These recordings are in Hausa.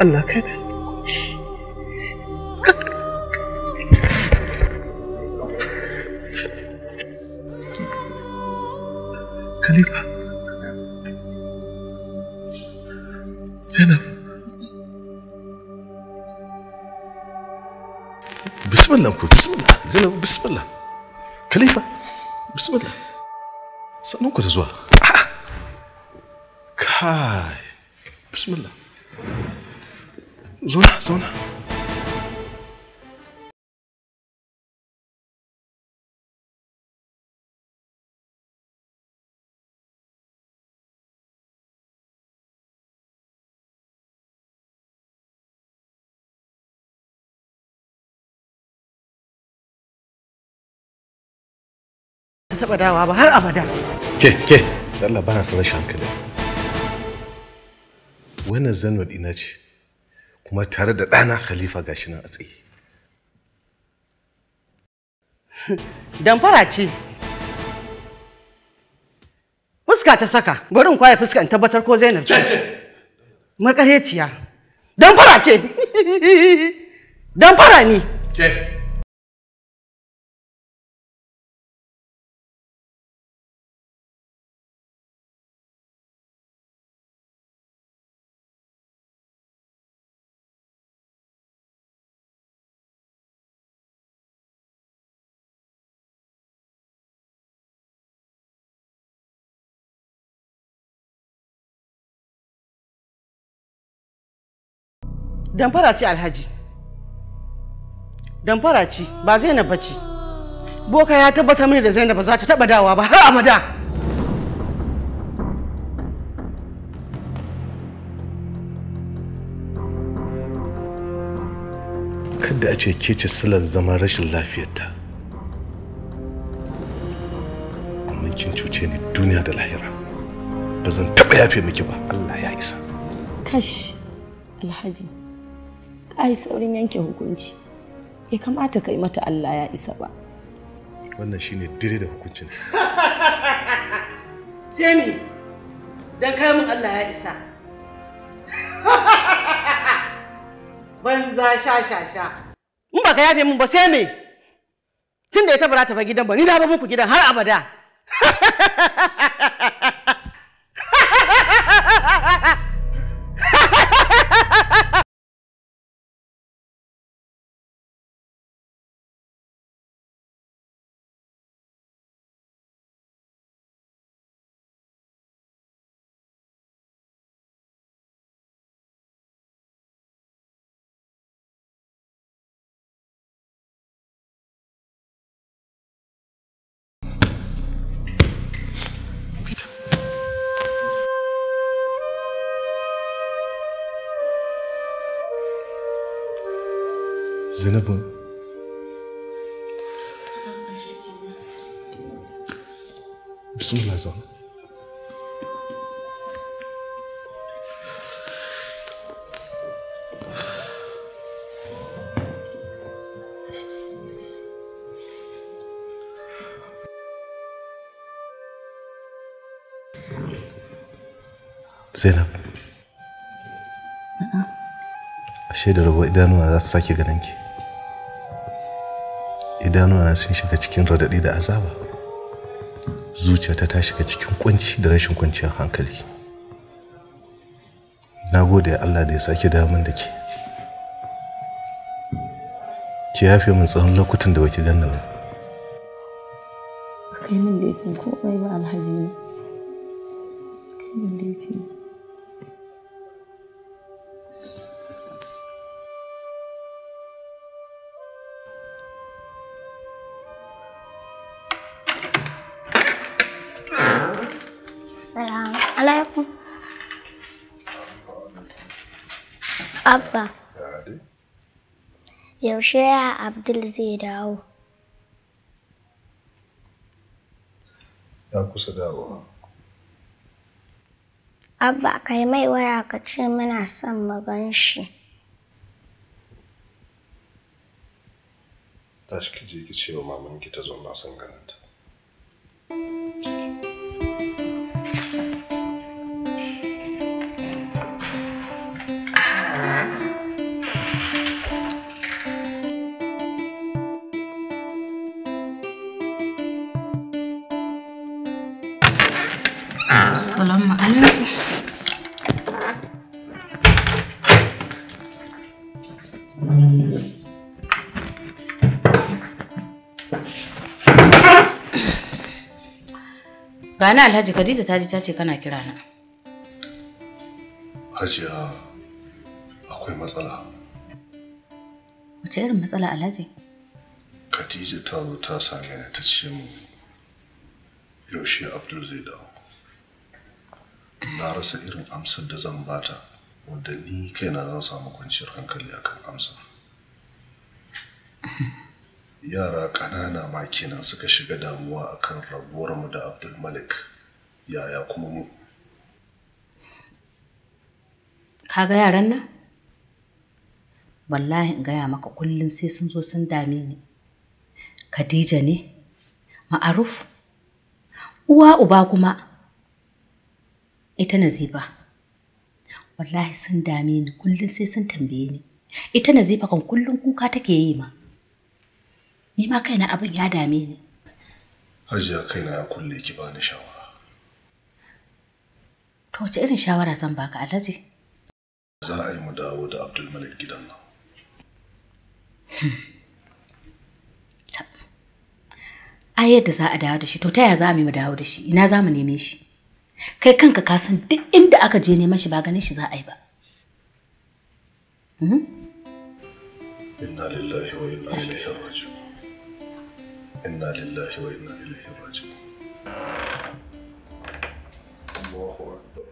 Allah kai ne taɓa dawa ba har abada. Ke, ke, Allah bana son rashin hankali. Wannan zanwa ina ce, kuma tare da ɗana Khalifa gashi nan a tsaye. Damfara ce. Fuska ta saka, bari in kwaye fuska in tabbatar ko Zainab ce. Makareciya. Damfara ce. Damfara ne. Ke. damfara ce alhaji damfara ce ba zainab ba ce boka ya tabbata mini da zainab ba za ta taba dawa ba har amada kada a ce ke ce silar zaman rashin lafiyarta amma kin cuce ni duniya da lahira ba zan taba yafe miki ba allah ya isa kash alhaji a yi saurin yanke hukunci ya kamata kai mata Allah ya isa ba wannan shine dire da hukuncin sai me dan kai mun Allah ya isa banza sha sha sha in ka yafe mun ba sai me tunda ya tabara ta ba gidan ba ni na ba muku gidan har abada Zeynep Hanım. Bismillahirrahmanirrahim. Zainab. Shaidar rabuwa idanuwa za su sake ganin ki. na sun shiga cikin radadi da azaba zuciyata ta shiga cikin kunci da rashin kwanciyar hankali na gode allah da ya sake damun da ke ki yafe min tsawon lokutan da baki ganna ba Shea Abdul zai dawo? Ya kusa dawo? Abba kai mai waya ka ce muna son mu gan shi. Tashi ki je ki ce wa mamanki ta zo na son ganinta. Assalamu alaikum. Gana Alhaji Khadija ta ji ta ce kana kira na. Hajiya akwai matsala. Wace irin matsala Alhaji? Khadija ta zo ta same ni ta ce mu yaushe Abdul zai dawo. na rasa irin amsar da zan bata wadda ni kaina zan samu kwanciyar hankali akan amsa yara ƙanana ma kenan suka shiga damuwa akan rabuwar mu da abdulmalik yaya kuma mu kaga yaran nan wallahi in gaya maka kullum sai sun zo sun dame ni khadija ne ma'aruf uwa uba kuma ita nazifa wallahi sun dame ni kullum sai sun tambaye ni ita nazifa kan kullum kuka take yi ma ni ma kaina abin ya dame ni hajiya kaina ya kulle ki ni shawara to wace irin shawara zan baka alhaji za a yi mu dawo da abdulmalik gidan nan hmm. a yadda za a dawo da shi to ta yaya za mu dawo da shi ina za mu neme shi kai kanka ka san duk inda aka je neman shi ba ganin shi za a yi ba hmm? inna lillahi wa inna ilaihi raji'un inna lillahi wa inna ilaihi raji'un Allahu akbar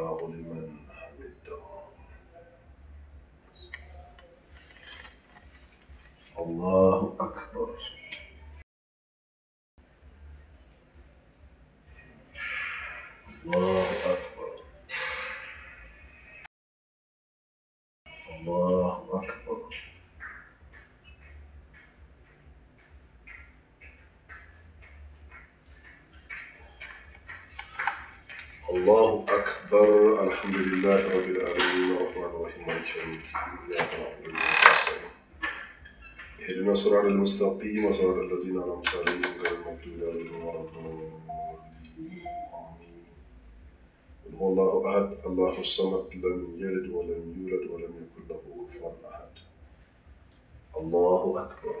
الفراغ لمن حمده الله أكبر الله أكبر الله أكبر الله أكبر أكبر الحمد لله رب العالمين الرحمن الرحيم مالك يوم الدين اهدنا الصراط المستقيم صراط الذين أنعمت عليهم غير المغضوب عليهم ولا الضالين هو الله أحد الله الصمد لم يلد ولم يولد ولم يكن له كفوا أحد الله أكبر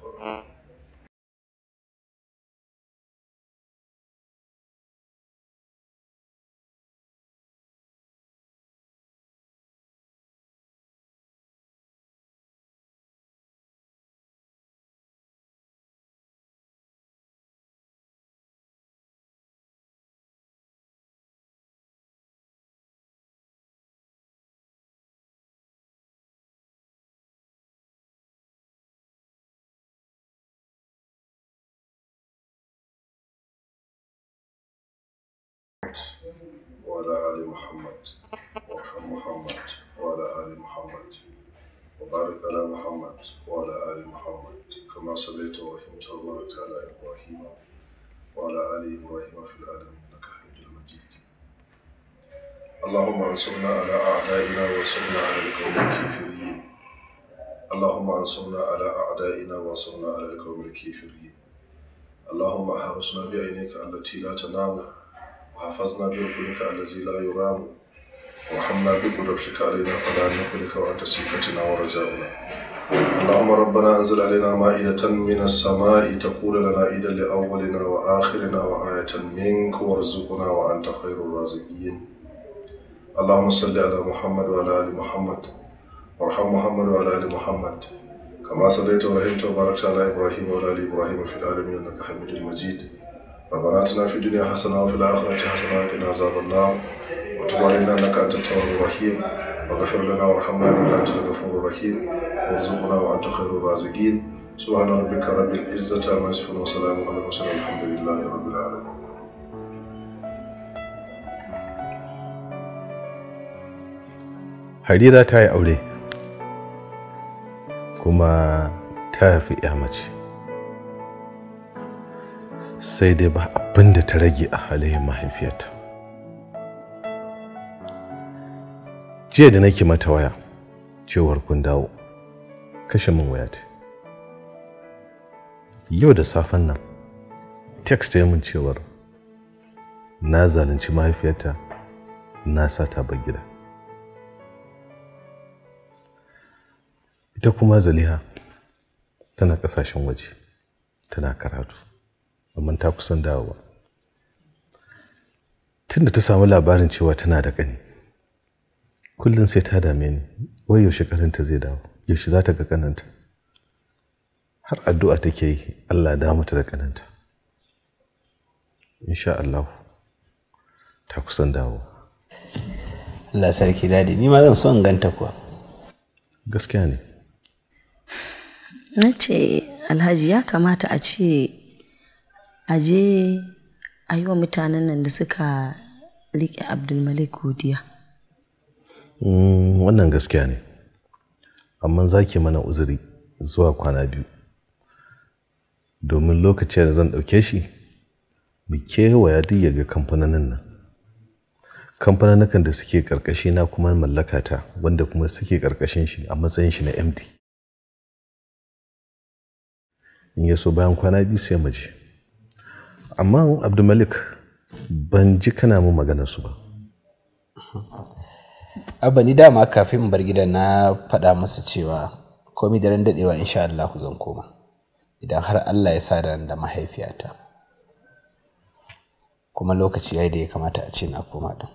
Mm-hmm. وعلى آل محمد وارحم محمد وعلى آل محمد وبارك على محمد وعلى آل محمد كما صليت ورحمت وباركت على إبراهيم وعلى آل إبراهيم في العالمين إنك حميد مجيد اللهم انصرنا على أعدائنا وانصرنا على القوم الكافرين اللهم انصرنا على أعدائنا وانصرنا على القوم الكافرين اللهم حرسنا بعينيك التي لا تنام وحفظنا بركنك الذي لا يرام وارحمنا بقدرتك علينا فلا نهلك وانت سكتنا ورجاؤنا اللهم ربنا انزل علينا مائدة من السماء تقول لنا عيدا لاولنا واخرنا وآية منك وارزقنا وانت خير الرازقين اللهم صل على محمد وعلى ال محمد وارحم محمد وعلى ال محمد كما صليت ورحمت وباركت على ابراهيم وعلى ال ابراهيم في العالمين انك حميد مجيد ربنا اتنا في الدنيا حسنه وفي الاخره حسنه وقنا عذاب النار وتب علينا انك انت التواب الرحيم واغفر لنا وارحمنا انك انت الغفور الرحيم وارزقنا وانت خير الرازقين سبحان ربك رب العزه عما يصفون وسلام على المرسلين الحمد لله رب العالمين Harira ta yi aure kuma ta haifi 'ya mace. sai dai ba abin da ta rage a halayen mahaifiyarta jiya da nake mata waya cewar kun dawo kashe min ta. yau da safen nan text ya min cewar na zalunci mahaifiyarta na sa ta ba gida ita kuma zaliha tana kasashen waje tana karatu amma ta kusan dawowa tun da ta samu labarin cewa tana da kani kullum sai ta dame ni wai yaushe karanta zai dawo yaushe za ta ga ƙaninta har addu'a take yi Allah da mata da ƙaninta insha Allah ta kusan dawo Allah sarki dadi ni ma zan so in ganta kuwa gaskiya ne na ce alhaji ya kamata a ce a je a yi wa mutanen nan da suka riƙe abdulmalik godiya mm, wannan gaskiya ne amma za ki mana uzuri zuwa kwana biyu domin lokacin da zan ɗauke shi mu kewaya duk ya ga kamfanonin nan kamfanonukan da suke ƙarƙashi na kuma mallaka ta wanda kuma suke ƙarƙashin shi a matsayin shi na md in ya so bayan kwana biyu sai mu je amma abdulmalik ban ji kana mu maganar su ba abba ni dama kafin bar gidan na faɗa masa cewa komai da ran daɗewa insha Allah ku zan koma idan har Allah ya sa da da mahaifiyata kuma lokaci ya da ya kamata a ce na koma din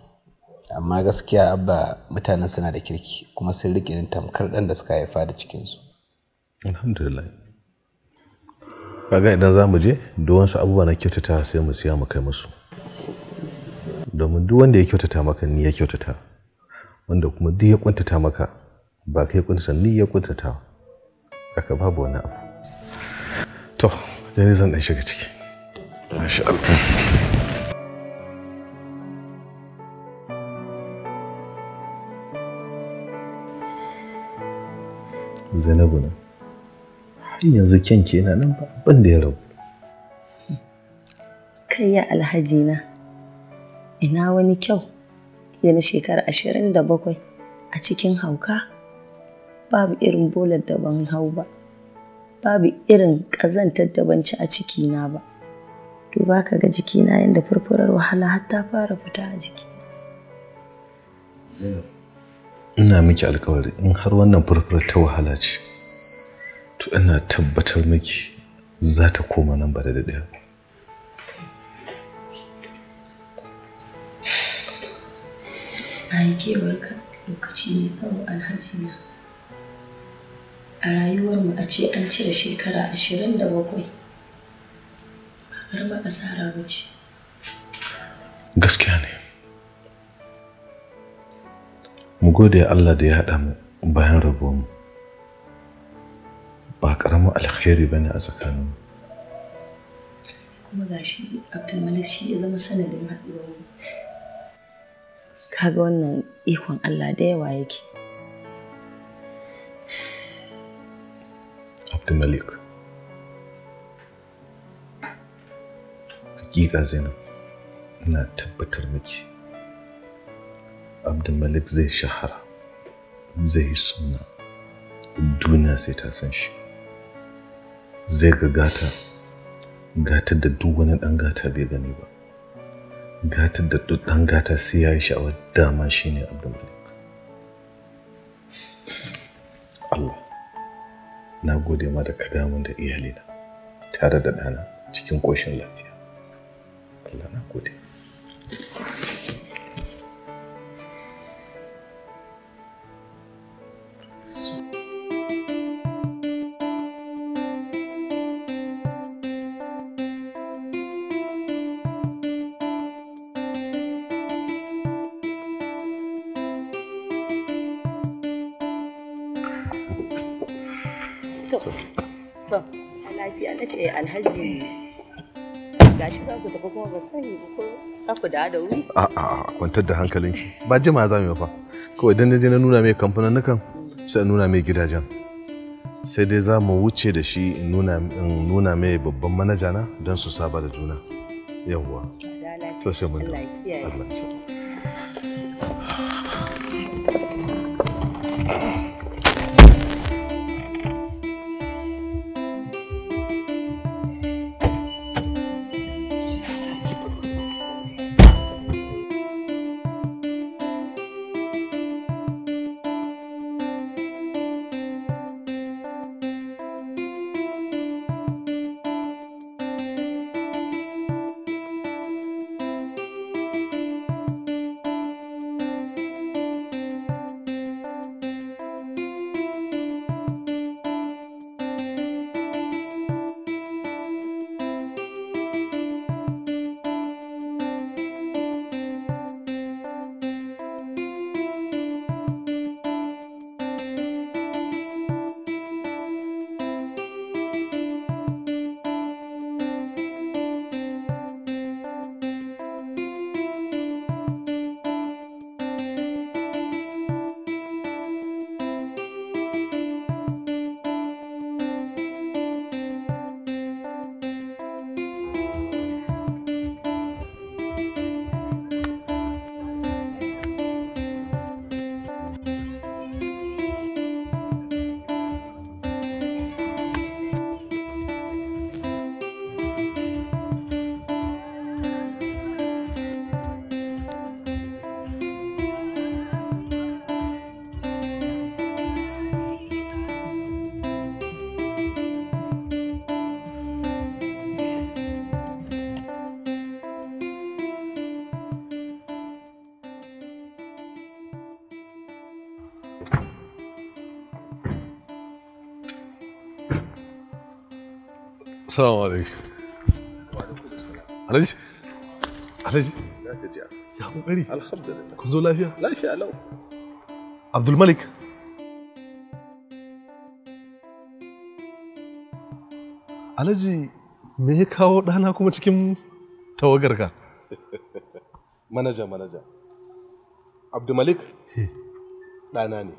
amma gaskiya abba mutanen suna da kirki kuma sun riƙe tamkar ɗan da suka haifa da cikinsu alhamdulillah kaga idan za mu je duk wasu abubuwa na kyautata sai mu siya mu kai musu domin duk wanda ya kyautata maka ni ya kyautata wanda kuma duk ya kuntata maka ba kai kuntata ni ya kuntata kaka babu wani abu to yanzu zan dan shiga ciki Zainabu ne. har yanzu kyanke na nan ban da ya rabu kai ya alhaji na ina wani kyau yana shekara ashirin da bakwai a cikin hauka babu irin bolar da ban hau ba babu irin ƙazantar da ban ci a cikina ba duba ka ga jikina yadda furfurar wahala har ta fara fita a jikina ina miki alkawari in har wannan furfurar ta wahala ce to ina tabbatar miki za ta koma nan ba da daɗewa ka lokaci mai tsawo alhaji na a rayuwarmu a ce an cire shekara ashirin da bakwai ba karamar asara ba ce gaskiya ne mu gode allah da ya haɗa mu bayan rabuwarmu ba karamin alkhairi bane a tsakanin kuma gashi abdulmalik shi ya zama sanadin haɗuwar kaga wannan ikon allah da yawa yake abdulmalik hakika zainab ina tabbatar miki abdulmalik zai shahara zai suna duniya sai ta san shi zai ga gata gata da duk wani ɗan gata bai gani ba Gata da duk ɗan gata sai ya yi sha'awar dama shine abdulmalik allah na gode ma da ka damun da iyalina tare da ɗana cikin ƙoshin lafiya allah na gode ku da da wuri? A'a, kwantar da hankalinki. Ba jima za mu fa. Kawai idan na je na nuna mai kamfanin nukan, sai nuna mai gidajen. Sai dai za mu wuce da shi in nuna mai babban manaja na don su saba da juna. Yawwa. To sai mun da. Allah ya Assalamu alaikum. alaji alaji Ya kokari. Alhamdulillah. Kun zo lafiya? Lafiya lau. Abdul Malik. alaji me ya kawo ɗana kuma cikin tawagar ka? manaja manaja. abdul Abdulmalik ɗana ne.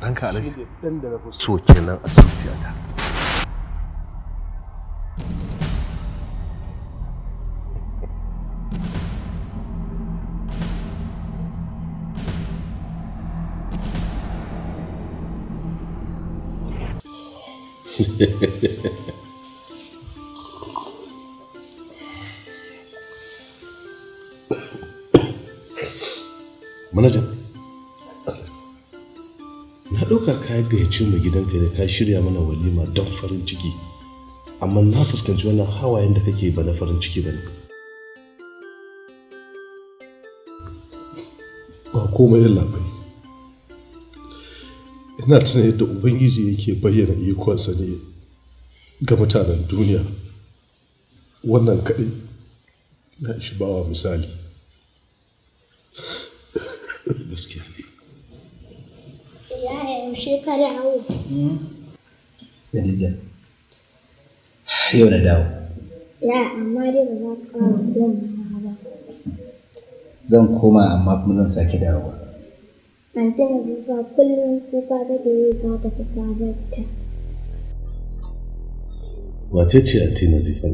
Ɗanka Alhaji. So kenan a zuciyata. manajan na ɗauka ka gayyace mu gidanka ne ka shirya mana walima don farin ciki amma na fuskanci wannan hawayen da kake ba na farin ciki ba ne ba komai da labari ina tuna yadda ubangiji yake bayyana ikonsa ne ga mutanen duniya wannan kaɗai na ishi bawa misali gaskiya ya yaushe ka Khadija yau na dawo ya amma dai ba za ka koma ba zan koma amma kuma zan sake dawowa Manta Nazifa kullum kuka take yi ta tafi kabarta. Wace ce Anti Nazifa?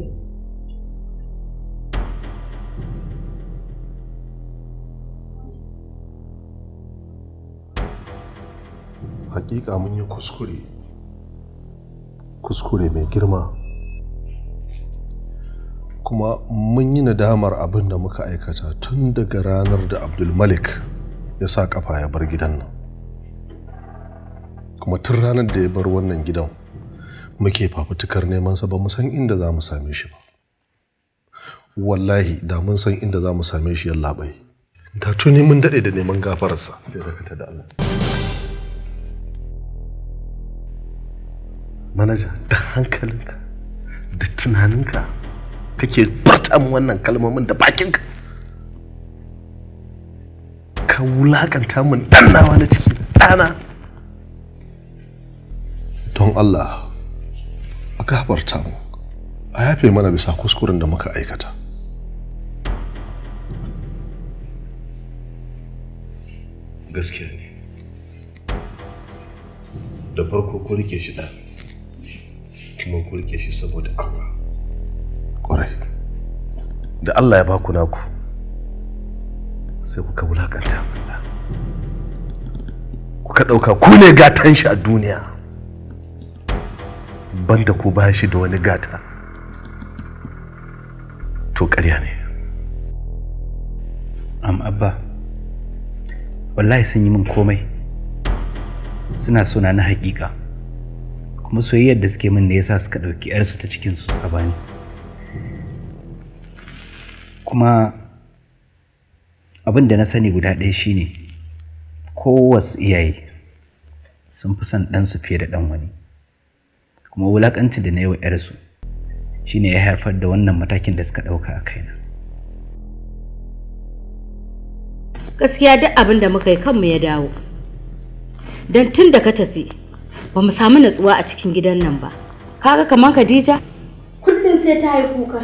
Hakika mun yi kuskure, kuskure mai girma. Kuma mun yi nadamar abin da muka aikata tun daga ranar da Abdulmalik Malik ya sa kafa ya bar gidan nan kuma tun ranar da ya bar wannan gidan muke fafutukar neman sa ba mu san inda za mu same shi ba wallahi da mun san inda za mu same shi yalla bai da tuni mun daɗe da neman gafararsa manaja da hankalinka da tunaninka kake bartan wannan kalmomin da bakinka wulakanta min nawa na ciki dana. don Allah a gafarta mu a yafe mana bisa kuskuren da muka aikata gaskiya ne da farko ko rike shi dan kuma ko rike shi saboda Allah ƙwarai da Allah ya baku naku sai kuka wulakanta mu ka ɗauka ku ne gatan shi a duniya banda ku ba shi da wani gata to ƙarya ne am abba wallahi sun yi min komai suna suna na haƙiƙa kuma soyayyar da suke min ne yasa suka ɗauki 'yarsu ta cikinsu suka bani kuma abin da na sani guda ɗaya shine kowas iyaye sun fi son ɗansu fiye da ɗan wani kuma wulaƙancin da na yi wa 'yarsu ne ya haifar da wannan matakin da suka ɗauka a kaina gaskiya duk abin da muka yi kanmu ya dawo don tun da ka tafi ba mu samu natsuwa a cikin gidan nan ba kaga kamar khadija kullum sai ta yi kuka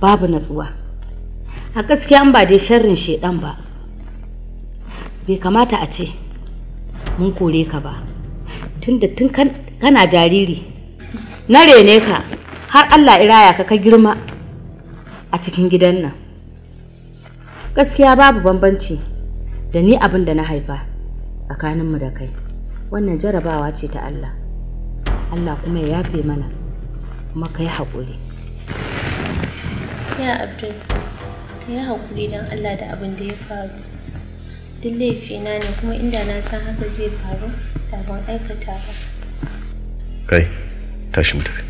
babu natsuwa a gaskiya an ba dai sharrin shedan ba bai kamata a ce mun kore ka ba tunda tun kana jariri na rene ka har Allah iraya ka ka girma a cikin gidan nan gaskiya babu bambanci da ni abin da na haifa tsakaninmu da kai wannan jarabawa ce ta Allah Allah kuma ya yafe mana kuma ka yi haƙuri ya abdul ka yi haƙuri don Allah da abin da ya faru duk laifina ne kuma inda na san haka zai faru da aikata ba kai tashi mu tafi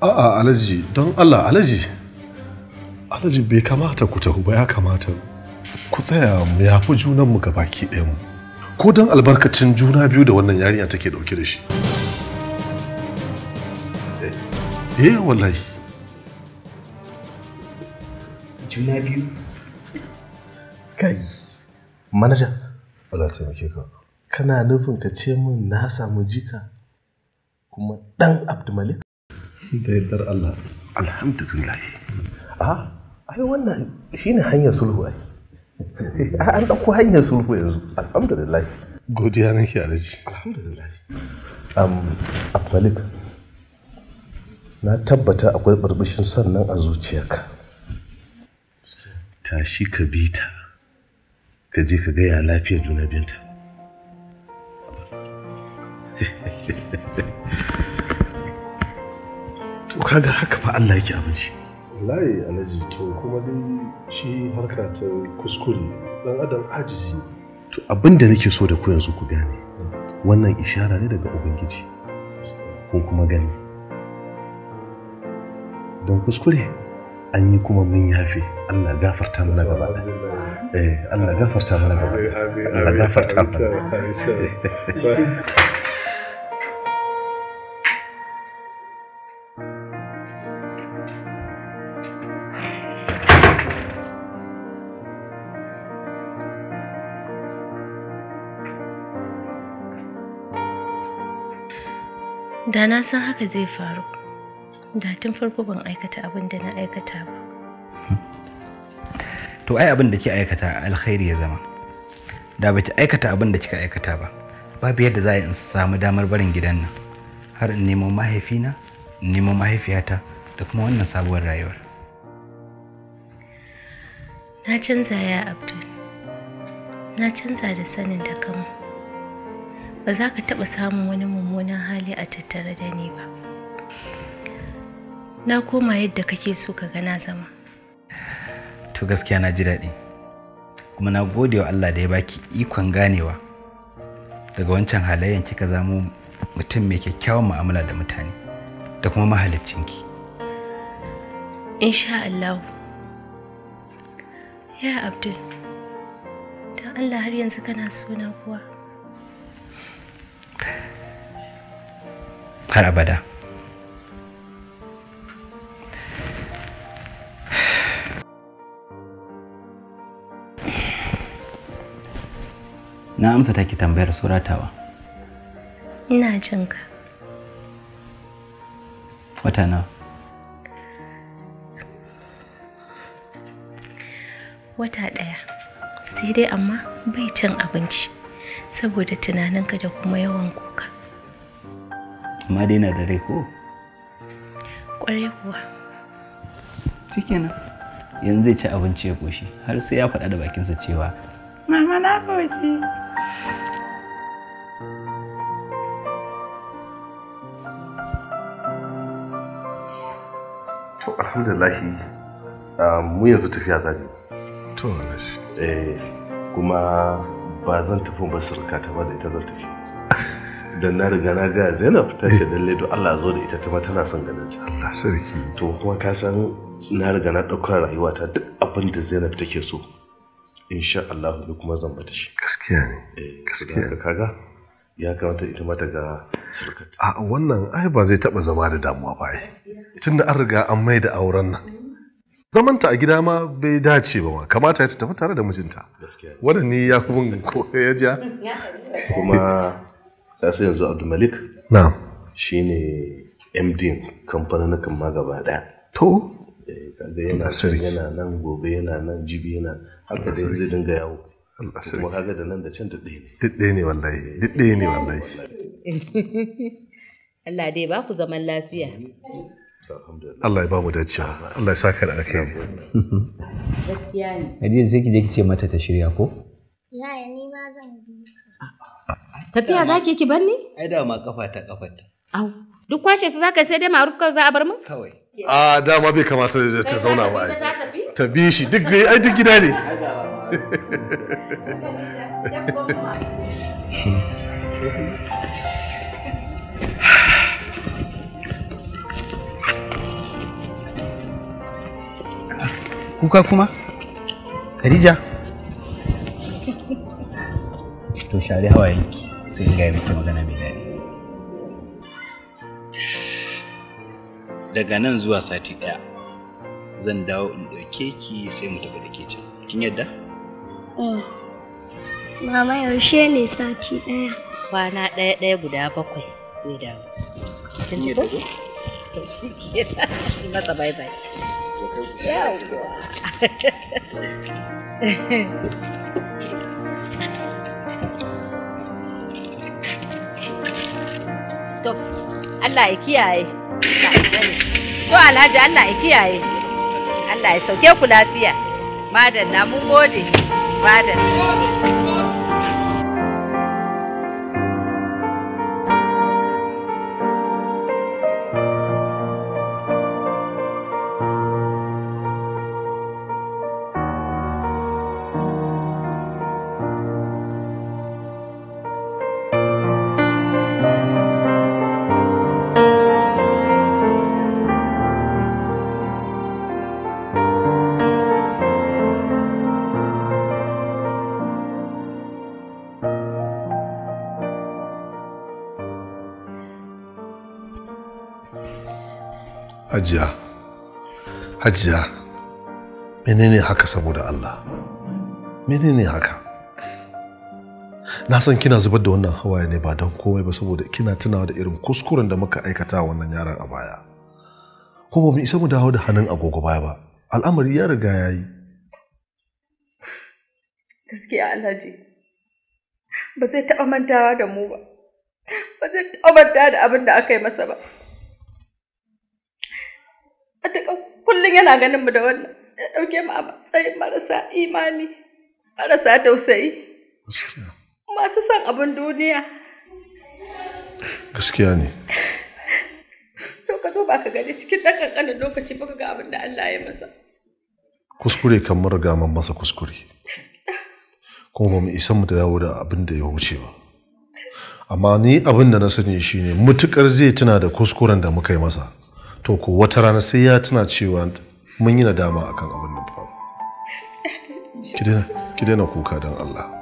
a'a alaji don allah alaji alaji bai kamata ku tafi ba ya kamata ku tsaya mu yafi junanmu ga baki ɗayanmu ko don albarkacin juna biyu da wannan yarinya take ɗauke da shi eh wallahi juna biyu kai manaja Allah taimake ka kana nufin ka ce min na samu jika kuma dan abdulmalik da yardar Allah alhamdulillah a ai wannan shine hanyar sulhu ai an ɗauko hanyar sulhu yanzu alhamdulillah godiya nake alaji alhamdulillah um abdulmalik na tabbata akwai barbishin sannan a zuciyarka tashi ka bi ta ka je ka gaya lafiyar juna binta to kaga haka fa Allah yake abin shi wallahi alhaji to kuma dai shi harka ta kuskure dan adam ajisi to abin da nake so da ku yanzu ku gane wannan ishara ne daga ubangiji kun kuma gani don kuskure an yi kuma mun yafe Allah gafarta mana gaba da eh Allah gafarta mana gaba Allah gafarta mana da na san haka zai faru da tun farko ban aikata abin da na aikata ba to ai abin da ke aikata alkhairi ya zama da baki aikata abin da kika aikata ba babu yadda za in samu damar barin gidan nan har in nemo mahaifina in nemo mahaifiyata da kuma wannan sabuwar rayuwar na canza ya abdul na canza da sanin da kama ba za ka taɓa samun wani mummunan hali a tattare da ni ba na koma yadda kake so ka ga na zama to gaskiya na ji daɗi kuma na gode wa Allah da ya baki ikon ganewa daga wancan halayen kika zamo mutum mai kyakkyawan mu'amala da mutane da kuma mahaliccinki insha Allah ya Abdul don Allah har yanzu kana suna kuwa har abada na amsa take tambayar suratawa ina jin ka wata na. wata ɗaya sai dai amma bai cin abinci saboda tunaninka da kuma yawan kuka amma dai na da rai ko ƙwarai kuwa na. yanzu zai ci abinci ya goshi har sai ya faɗa da bakinsa cewa mama na koshi to alhamdulillahi um, mu yanzu tafiya za ne to eh kuma ba zan tafi ba surka ta ba da ita zan tafi dan na riga na ga Zainab ta ce lalle do Allah zo da ita ta tana son ganin ta Allah sarki to kuma ka san na riga na ɗaukar rayuwata duk abin da Zainab take so insha Allah ni kuma zan bata shi gaskiya ne eh, gaskiya ne kaga ya kamata ita mata ga surkata a wannan ai ba zai taba zama da damuwa ba ai tunda an riga an mai da auren nan zamanta a gida ma bai dace ba kamata ya tafi tare da mijinta wannan ni ya kuma ko ya ja kuma ya sai yanzu abdul malik na'am shine MD kamfanin kan ma gaba daya to eh, kaga yana yana nan gobe yana nan jibi yana haka dai zai dinga yawo Allah Kuma kaga da nan da can ne. ne wallahi, duk ne wallahi. Allah dai ba ku zaman lafiya. Allah ya ba mu dacewa. Allah ya saka da alkhairi. Gaskiya ne. Hadiza sai ki je ki ce mata ta shirya ko? Yaya ni ma zan bi. Tafiya za ki ki banni? Ai da ma kafa ta kafa ta. Au. Duk kwashe su zaka sai dai ma'ruf kawai za a bar mu? Kawai. A ah, dama bai kamata ta zauna ba. Ta bi shi duk ai duk gida ne. kuka kuma Khadija to share hawayenki sai in ga miki magana mai daɗi daga nan zuwa sati ɗaya zan dawo in ɗauke ki sai mu tafi da ke can kin yadda Mm. Mama yaushe ne sati ɗaya? Kwana ɗaya ɗaya guda bakwai zai dawo. Kin ji ko? To shi ke masa bye bye. to Allah ya kiyaye to alhaji Allah ya kiyaye Allah ya sauke ku lafiya madalla mun gode Gladden. hajiya hajiya menene haka saboda Allah menene haka na san kina zubar da wannan hawaye ne ba don komai ba saboda kina tunawa da irin kuskuren da muka aikata wannan yaron a baya kuma mu isa mu dawo da hannun agogo baya ba al'amari ya riga ya yi gaskiya alhaji ba zai taɓa mantawa da mu ba ba zai taɓa mantawa da abin da aka yi masa ba a duka kullum yana ganin mu da wannan ya ɗauke mu a matsayin marasa imani marasa tausayi masu son abin duniya gaskiya ne to ka duba ka gani cikin ɗan ƙanƙanin lokaci baka ga abin da Allah ya masa kuskure kan mun riga mun masa kuskure kuma ba mu isa mu dawo da abin da ya wuce ba amma ni abin da na sani shine mutukar zai tuna da kuskuren da muka yi masa to wata rana sai ya tuna cewa mun yi nadama akan abin da faru ki daina kuka don Allah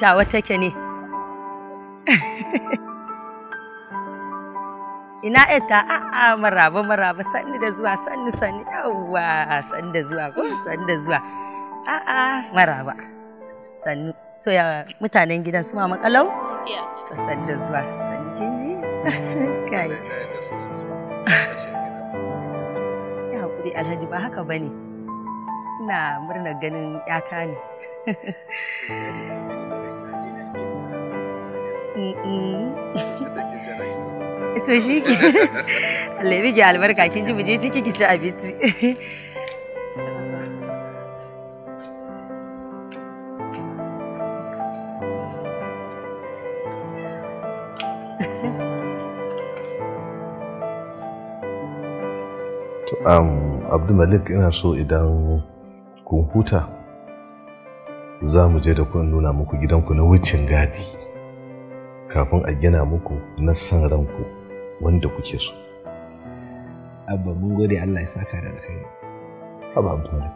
tawa take ne ina ita a'a maraba maraba sanni da zuwa sanni sanni yawwa sanni da zuwa ko sanni da zuwa a'a maraba sanni to ya mutanen gidan su ma makalau to sanni da zuwa sanni kin ji kai ya hakuri alhaji ba haka bane ina murna ganin yata ne to shi ke Allah ya albarka kin ji muje ciki ki ci abinci um, abdulmalik ina so idan kun huta za mu je da kun nuna muku gidanku na wucin gadi kafin a gina muku na san ranku wanda kuke so. Abba mun gode Allah ya saka da alkhairi. Abba Abdulmalik,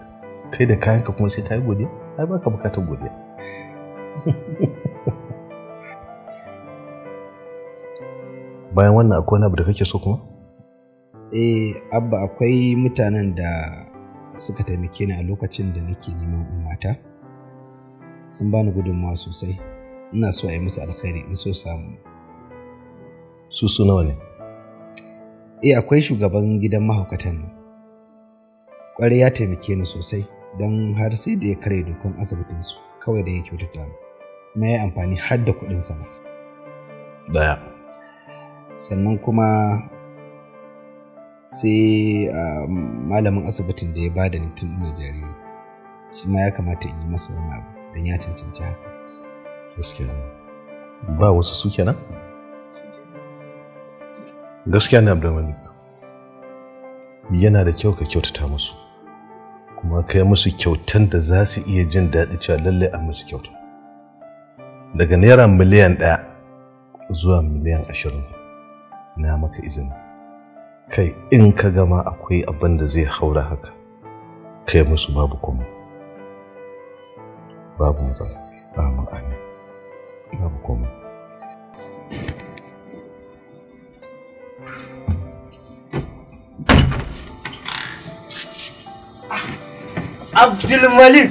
kai da kayanka kuma sai ka yi godiya? Ai ba ka bukatar godiya. Bayan wannan akwai wani abu da kake so kuma? Eh, Abba akwai mutanen da suka taimake ni a lokacin da nake neman ummata. Sun bani gudunmawa sosai. ina so a yi musu alkhairi in so samu su su nawa ne eh akwai shugaban gidan mahaukatan nan kwarai ya taimake ni sosai don har sai da ya kare dokan asibitinsu kawai da ya kyautata mu kuma ya amfani har da kuɗin sama daya sannan kuma sai malamin asibitin da ya bada ni tun ina jariri shi ma ya kamata in yi masa wani abu don ya cancanci haka gaskiya ba wasu su kenan gaskiya ne abdulmalik yana da kyau ka kyautata musu kuma kai musu kyautan da za su iya jin daɗi cewa lallai a musu kyauta daga naira miliyan ɗaya zuwa miliyan ashirin na maka izini kai in ka gama akwai abin da zai haura haka kai musu babu kuma babu matsala amin amin Ah, Abdulmalik. Abdul Malik.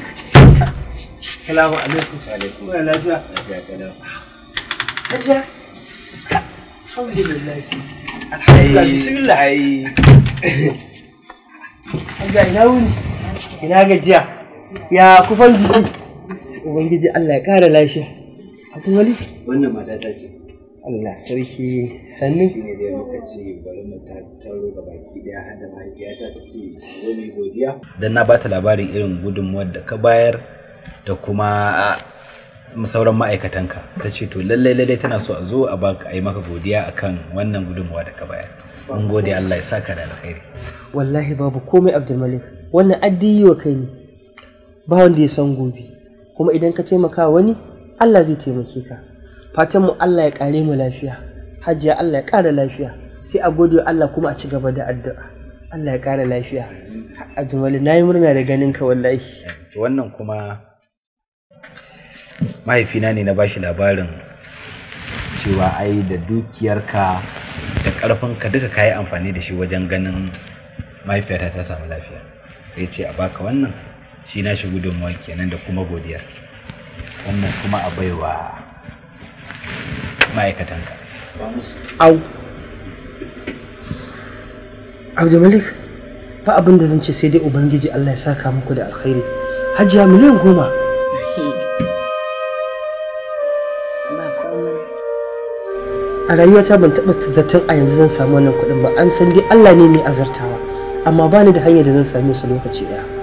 Salamu alaikum. Alaikum. Wa lafiya. Ah, lafiya kana. Alhamdulillah. Alhamdulillah. Bismillah. ina wuni. Ina gajiya. Ya kufan jiki. Ubangiji Allah ya kara lafiya. Fatin wali? Wannan matata ce. Allah sarki sannu. ne da muka ce bari mu taro ga baki daya har da mahaifiyata ta ce wani godiya. Dan na bata labarin irin gudunmuwar da ka bayar da kuma ah, sauran ma'aikatanka ta ce to lallai lallai tana so a zo a baka yi maka godiya akan wannan gudunmuwa da ka bayar mun gode Allah ya saka da alkhairi wallahi babu komai Abdulmalik wannan addiyi wa kai ne ba wanda ya san gobe kuma idan ka taimaka wani Allah zai taimake ka fatan mu Allah ya kare mu lafiya hajiya Allah ya kara lafiya sai a gode Allah kuma a ci gaba da addu'a Allah ya kara lafiya a jumali nayi murna da ganin ka wallahi wannan kuma mahaifina ne na bashi labarin cewa ai da dukiyarka da ƙarfinka duka yi amfani da shi wajen ganin mahaifiyata ta samu lafiya sai ce a baka wannan shi na shi gudunmawa kenan da kuma godiyar wannan kuma a baiwa ma'aikatanka au Malik ba abin da zan ce sai dai ubangiji allah ya saka muku da alkhairi hajiya miliyan goma a rayuwata ban taɓa zaton a yanzu zan samu wannan kuɗin ba an san dai allah ne mai azartawa amma bani da hanyar da zan same su lokaci ɗaya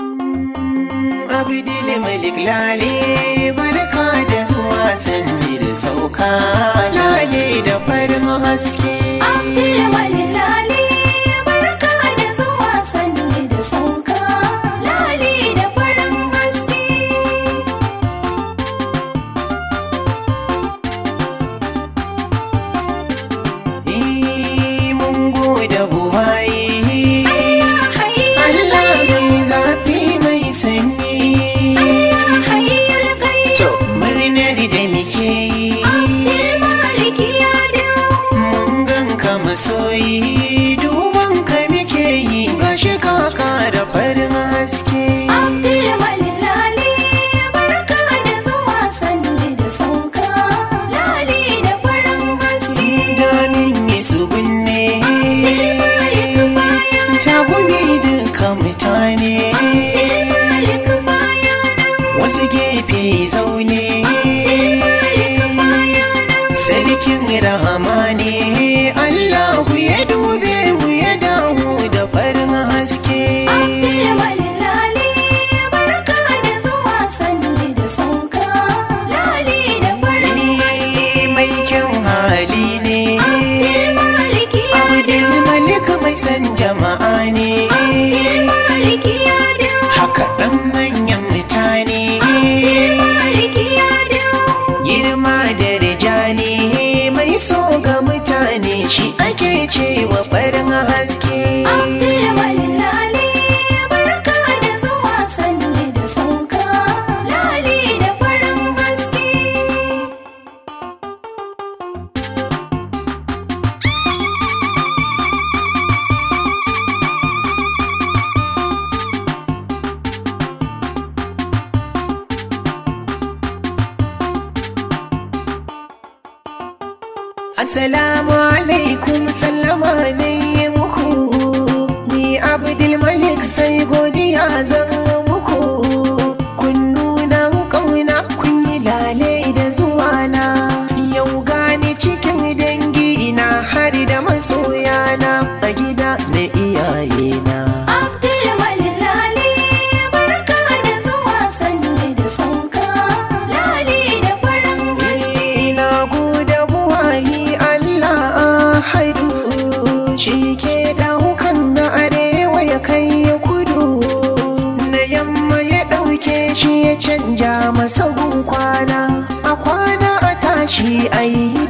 Mm, abidin malik lale barka da zuwa sanni da sauka lale da farin haske malik na haske Salamu alaikum sallama ne yi muku Ni Abdul Malik sai godiya zan muku Kun nuna ƙauna kun yi lale da zuwa na, Yau gani cikin dangi ina har da masoyana a ấy